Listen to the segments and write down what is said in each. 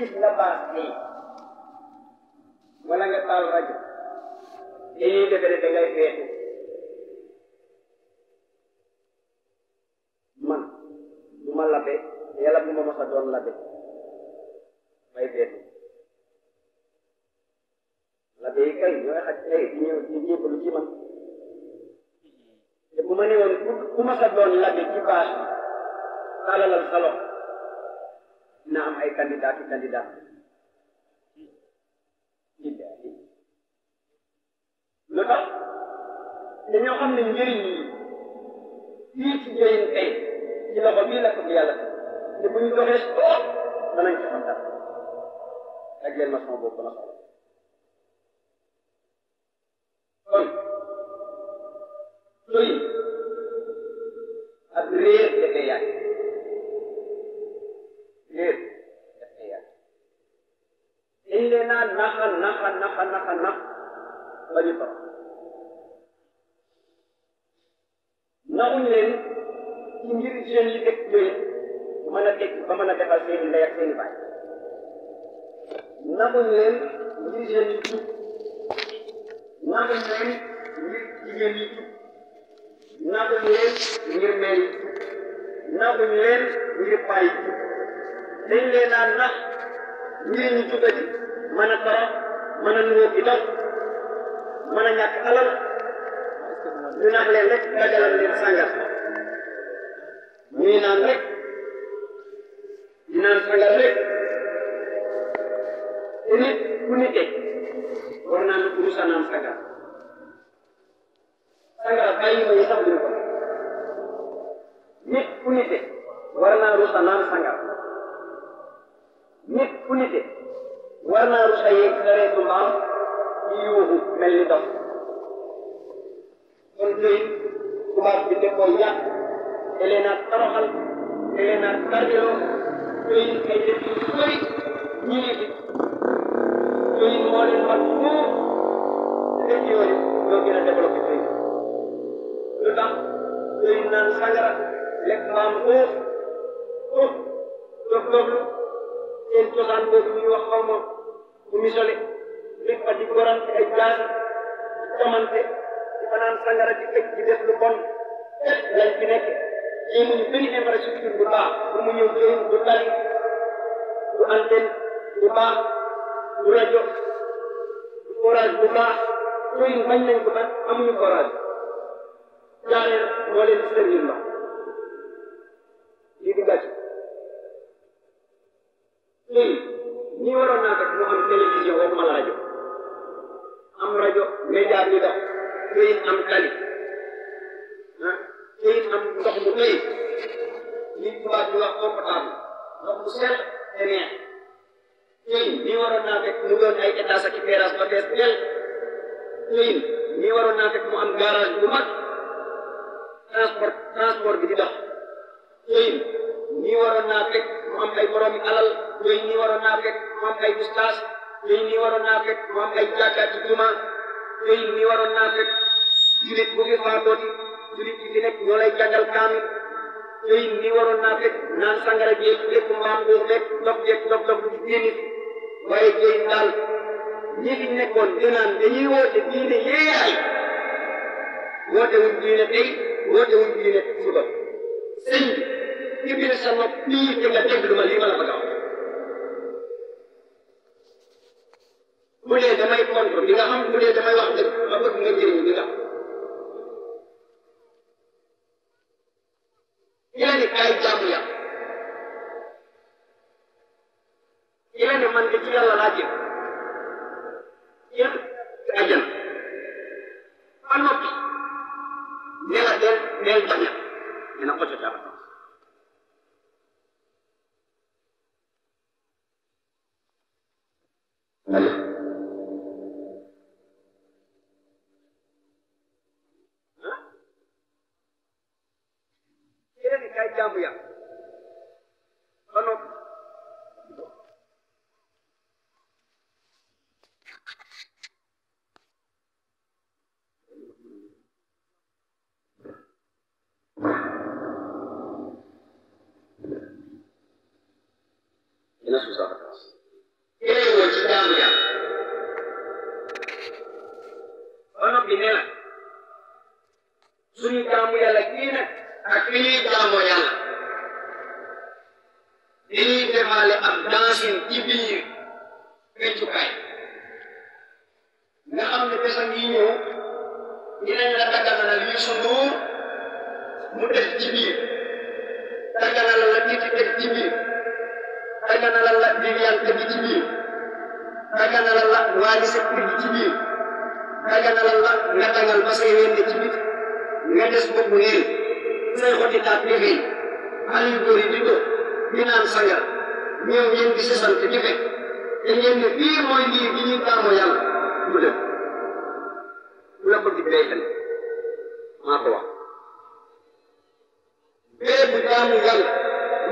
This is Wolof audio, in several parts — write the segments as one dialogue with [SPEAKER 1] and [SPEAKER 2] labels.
[SPEAKER 1] gis nga baas nii wala nga taal rajo li ñuy defe ne feetu man du labe yàlla bu ma a labe may feetu labe yi kay ñooy xaj ay di ñëw di ñëw lu ci man woon ku ma labe ci baas bi talalal dina am ay candidat yu candidat lu tax dañoo xam ne njëriñ yi ci njëriñ tey ci loxo bii la ko bu ñu doxee tool danañ ci xam dara ak leen ma sama bopp la soxla kon sooy ngir jeunes a a defal seen i ndey ak leen ngir jeunes leen leen ngir meer yi leen ngir a ñu jubati mën a torox mën a nuyoo di a ñàkk alal
[SPEAKER 2] ñu nax leen rek dajalal leen sàngal
[SPEAKER 1] ñii naan rek di naan sangal rek te ku nite war naa rusa naan sangal sangal bàyyi ma yi sax ko nit ku nite war naa rusa naan sangal nit ku nite war naa rusa yeeg sareetu mbaam di yuuxu mel ni dof kon tey tubaab bi da koo Elena toroxal Elena tardelo yooyu ay dëkk yu bëri ñu ngi fi yooyu moo leen mat fuuf dëkk yooyu ñoo gën a développé tey lu tax yooyu naan sangara lekk maam xuuf xuuf dof doflu seen cosaan boobu ñuy wax xaw ma bu misole nekk fa di gorante ay jaas di tamante di fanaan sangara di tëj di def lu bon lépp lañ fi nekkee une une infrastructure bu baax bu mu ñëw tali du antenne bu baax du rajo du forage bu baax këyit bañ nañ ko ba amuñu forage jaaree moo leen kapusel emia. Tin niwaron na kek nugon ay kita sa kiperas pagkaspiel. Tin niwaron na kek mo ang garas gumat. Transport transport gidida. Tin niwaron na kek mo ang kay morami alal. Tin niwaron na kek mo ang kay gustas. Tin niwaron na kek mo ang kay jaga gituma. Tin niwaron na kek julit bukit farbodi. Julit gidinek nyolay kagal kami. Tin tey lii waroon naa fekk naan sangara jéeg lépp mbaam góor lekk dox jéeg dox dox du ci nit waaye tey daal ñi fi nekkoon dinaan dañuy woote diine yeeyaay woote wuñ diine tey woote wuñ diine suba sëñ bi ibbil sa nopp fii te nga déglu ma lii ma la bëgg a wax bu dee damay contre di nga xam bu dee damay wax ma bëgg nga jëriñ di nga jaamu yàlla feccukaay nga xam ne bés a ngi ñëw dinañ la dagganal yu su nuur mu def ci biir dagganal la nit def ci biir dagganal la biir yàlla bi ci biir dagganal la waali sa kër bi ci biir dagganal la nga dangal ba say wende ci biir nga des boobu nii say xoti taat di xëy xale yu góor yi di dóor di naan di di fekk te ngeen ne fii mooy ngir gi ñuy jaamoo yàlla du lëkk ku la bëgg maa ko wax béréb bu jaamu yàlla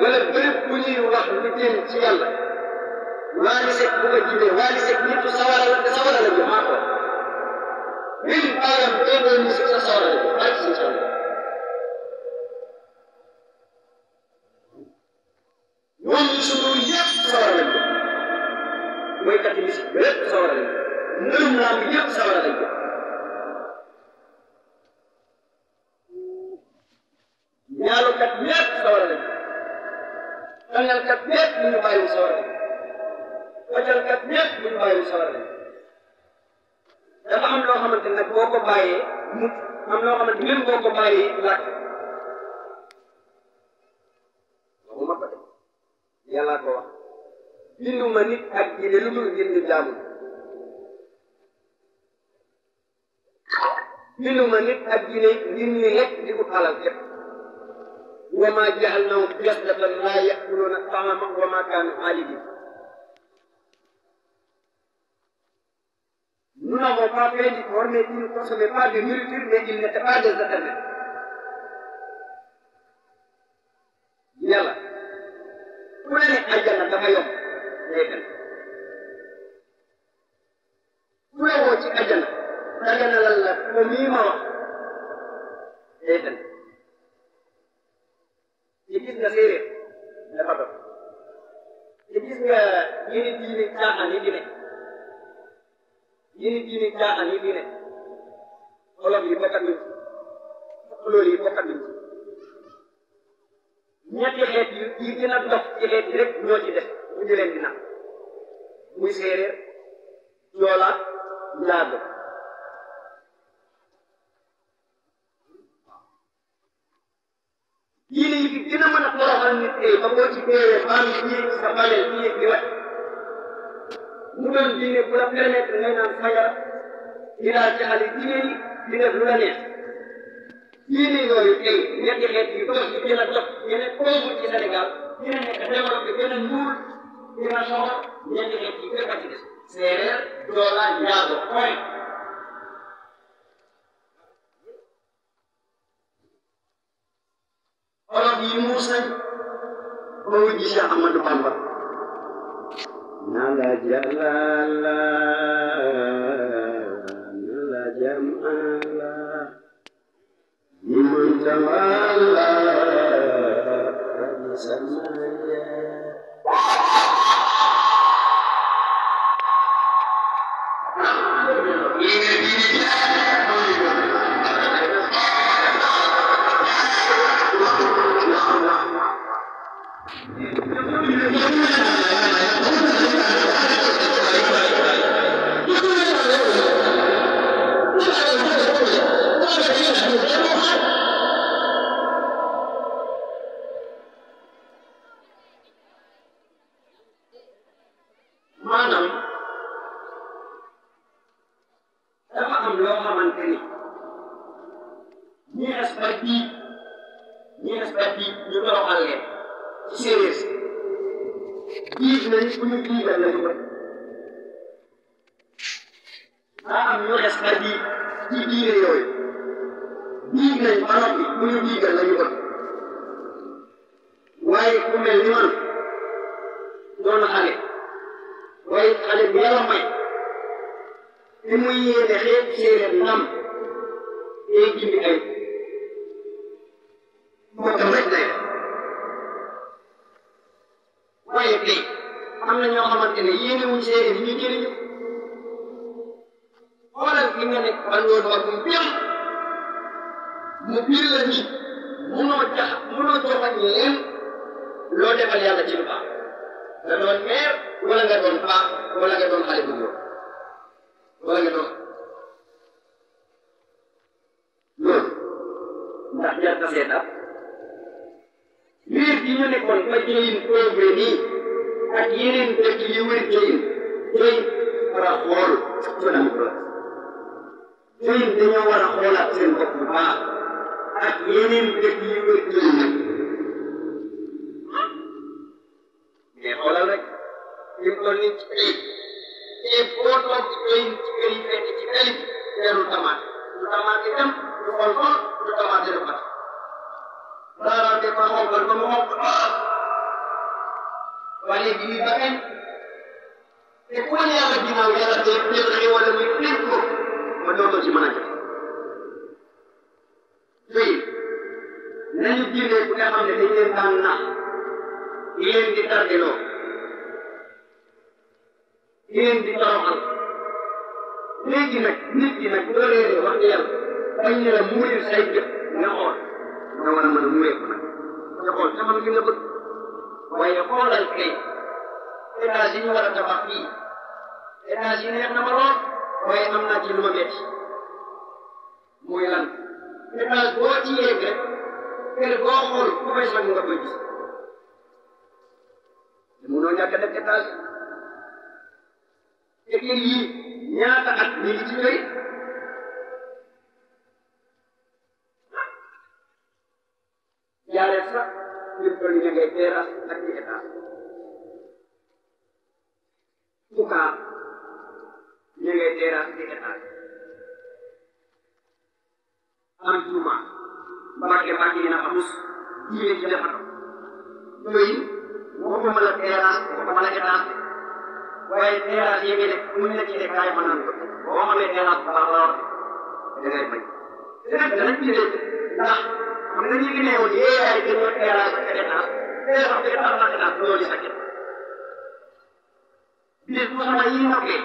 [SPEAKER 1] wala béréb ñuy wax lu jëm ci yàlla waali sek bu ko jibee waali sek nitu sawara la sawara la bi maa ko wax même baayam teedoon ñu si sa sawara la bi barki si sawara fajalkat ñëpp buñ bàyyi sawar lañ dafa am loo xamante nag boo ko bàyyee mu am loo xamante même boo ko bàyyee làkk waxu ma ko de yàlla ko wax nit ak lu dul nit ak ngir ñu lekk di ko wa ma jaxal naw jasdatan laa taama wa ma kaanu xaalidin normalement plein de corps, mais qui ne consommait pas de nourriture, mais ils n'étaient pas des éternels. yàlla ku la ne àjjana dafa yomb day dem ku la woo ci àjjana daganalal la ko mii ma wax day gis nga séeréer dafa doon te gis nga yéen diine caaxaan yi di yéen diine caaxaan yi fi ne olof yi bokkat nañ ci tukulóor yi bokkat nañ ci xeet yu yi gën a dox ci xeet yi rek ñoo ci def bu ñu leen di naan muy séeréer joolaa njaago diine yi fi gën a mën a toroxal nit tey ba ci téye maam yi sa bale yi li wet mu doon diine bu la permettre ngay naan fajar di laal ci xale jigéen yi di def lu la neex diine yooyu tey ñetti xeet yu dox yu gën a dox gën a koomul ci Sénégal gën a nekk développé gën a ñuul gën a soxor ñetti xeet yu gën a ci des séeréer joola njaago point olof yi muus nañ ba wujji Cheikh Amadou Bamba نال جلالا نال جمالا لمن تولى سمايا Thank you. ñii respect bii ñii respect bii ñu toroxal leen ci séeréer si diis nañ bu ñu diisal lañu ko daa am ñu respect bii ci diine yooyu diig nañ ba noppi bu ñu diigal lañu ko waaye ku mel ni man doon xale waaye xale bu yàlla may te muy yéene xeet séeréer nam te gindi ay mën waaye am na ñoo ne yéene wuñ seede ñu jëriñu xoolal li nga nekk ban yoo mu bir mu bir la nit munoo jax munoo joxañ leen loo defal yàlla ci lu baax meer wala nga doon baax wala nga doon xale bu góor wala nga doon ndax jar na seetaat liir bi ñu nekkoon ba Jeyne pauvre nii ak yeneen dëkk yi wër Jeyne Jeyne war a xool dina am doole Jeyne dañoo war a xoolaat seen bopp bu baax ak yeneen dëkk yi wër Jeyne mais xoolal rek ñu toll nii ci ayib ayib boo toog ci Jeyne ci kër yi fekk ci tali bi teelul tamaate lu tamaate itam lu xool xool lu tamaate lu bat Sahabat Mahal bertemu Wali bini bakan Ekuan yang lagi mau ya Lagi pilih wala mipinku Menonton si mana Jadi Nanti dia punya hamil Ini tanah Ini kita gelo Ini kita rohal Ini kita Ini kita Ini kita Ini kita Ini kita Ini kita Ini kita Ini kita Ini kita nga war a mën a muureeku nag nga xool te xam li nga bëgg waaye xoolal kay étage yi ñu war a tabax fii étage yi neex na ma lool waaye am naa ci lu ma metti mooy lan étage boo ci yegg rek kër boo xool ku fay sang nga koy gis munoo ñàkk a def étage te kër yii ñaata at ñu ngi ci jëriñ ñu toll ña ngay teeras ak di étage Fouka ña ngay teeras di étage am tuuma Mbacke Mbacke dina amus diine ji dafa dox yooyu waxuma la teeras waxuma la étage waaye teeras yi ngay def mu nekk ci kaay ma naan ko boo xamee teeras bu baax la war da ngay bañ.
[SPEAKER 2] xam nga ñu bindee woon yee yaay gën ñoo érage ak
[SPEAKER 1] énaa day xam ne am na énaa loolu sa kër bis bu sama yi nokkee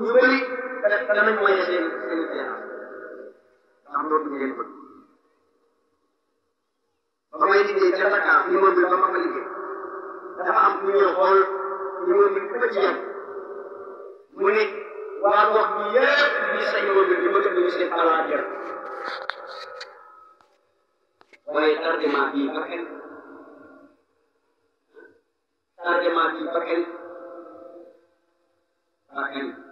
[SPEAKER 1] ñu bëri danañ moye seen seen érage ndax loolu ñu leen bëgg ba may liggéey ca Dakar numéro bi ba ma ko liggéey dafa ku ñëw ku ko ci yem mu ne waa gox waaye tardement bii ba kenn tardement bii ba kenn ba kenn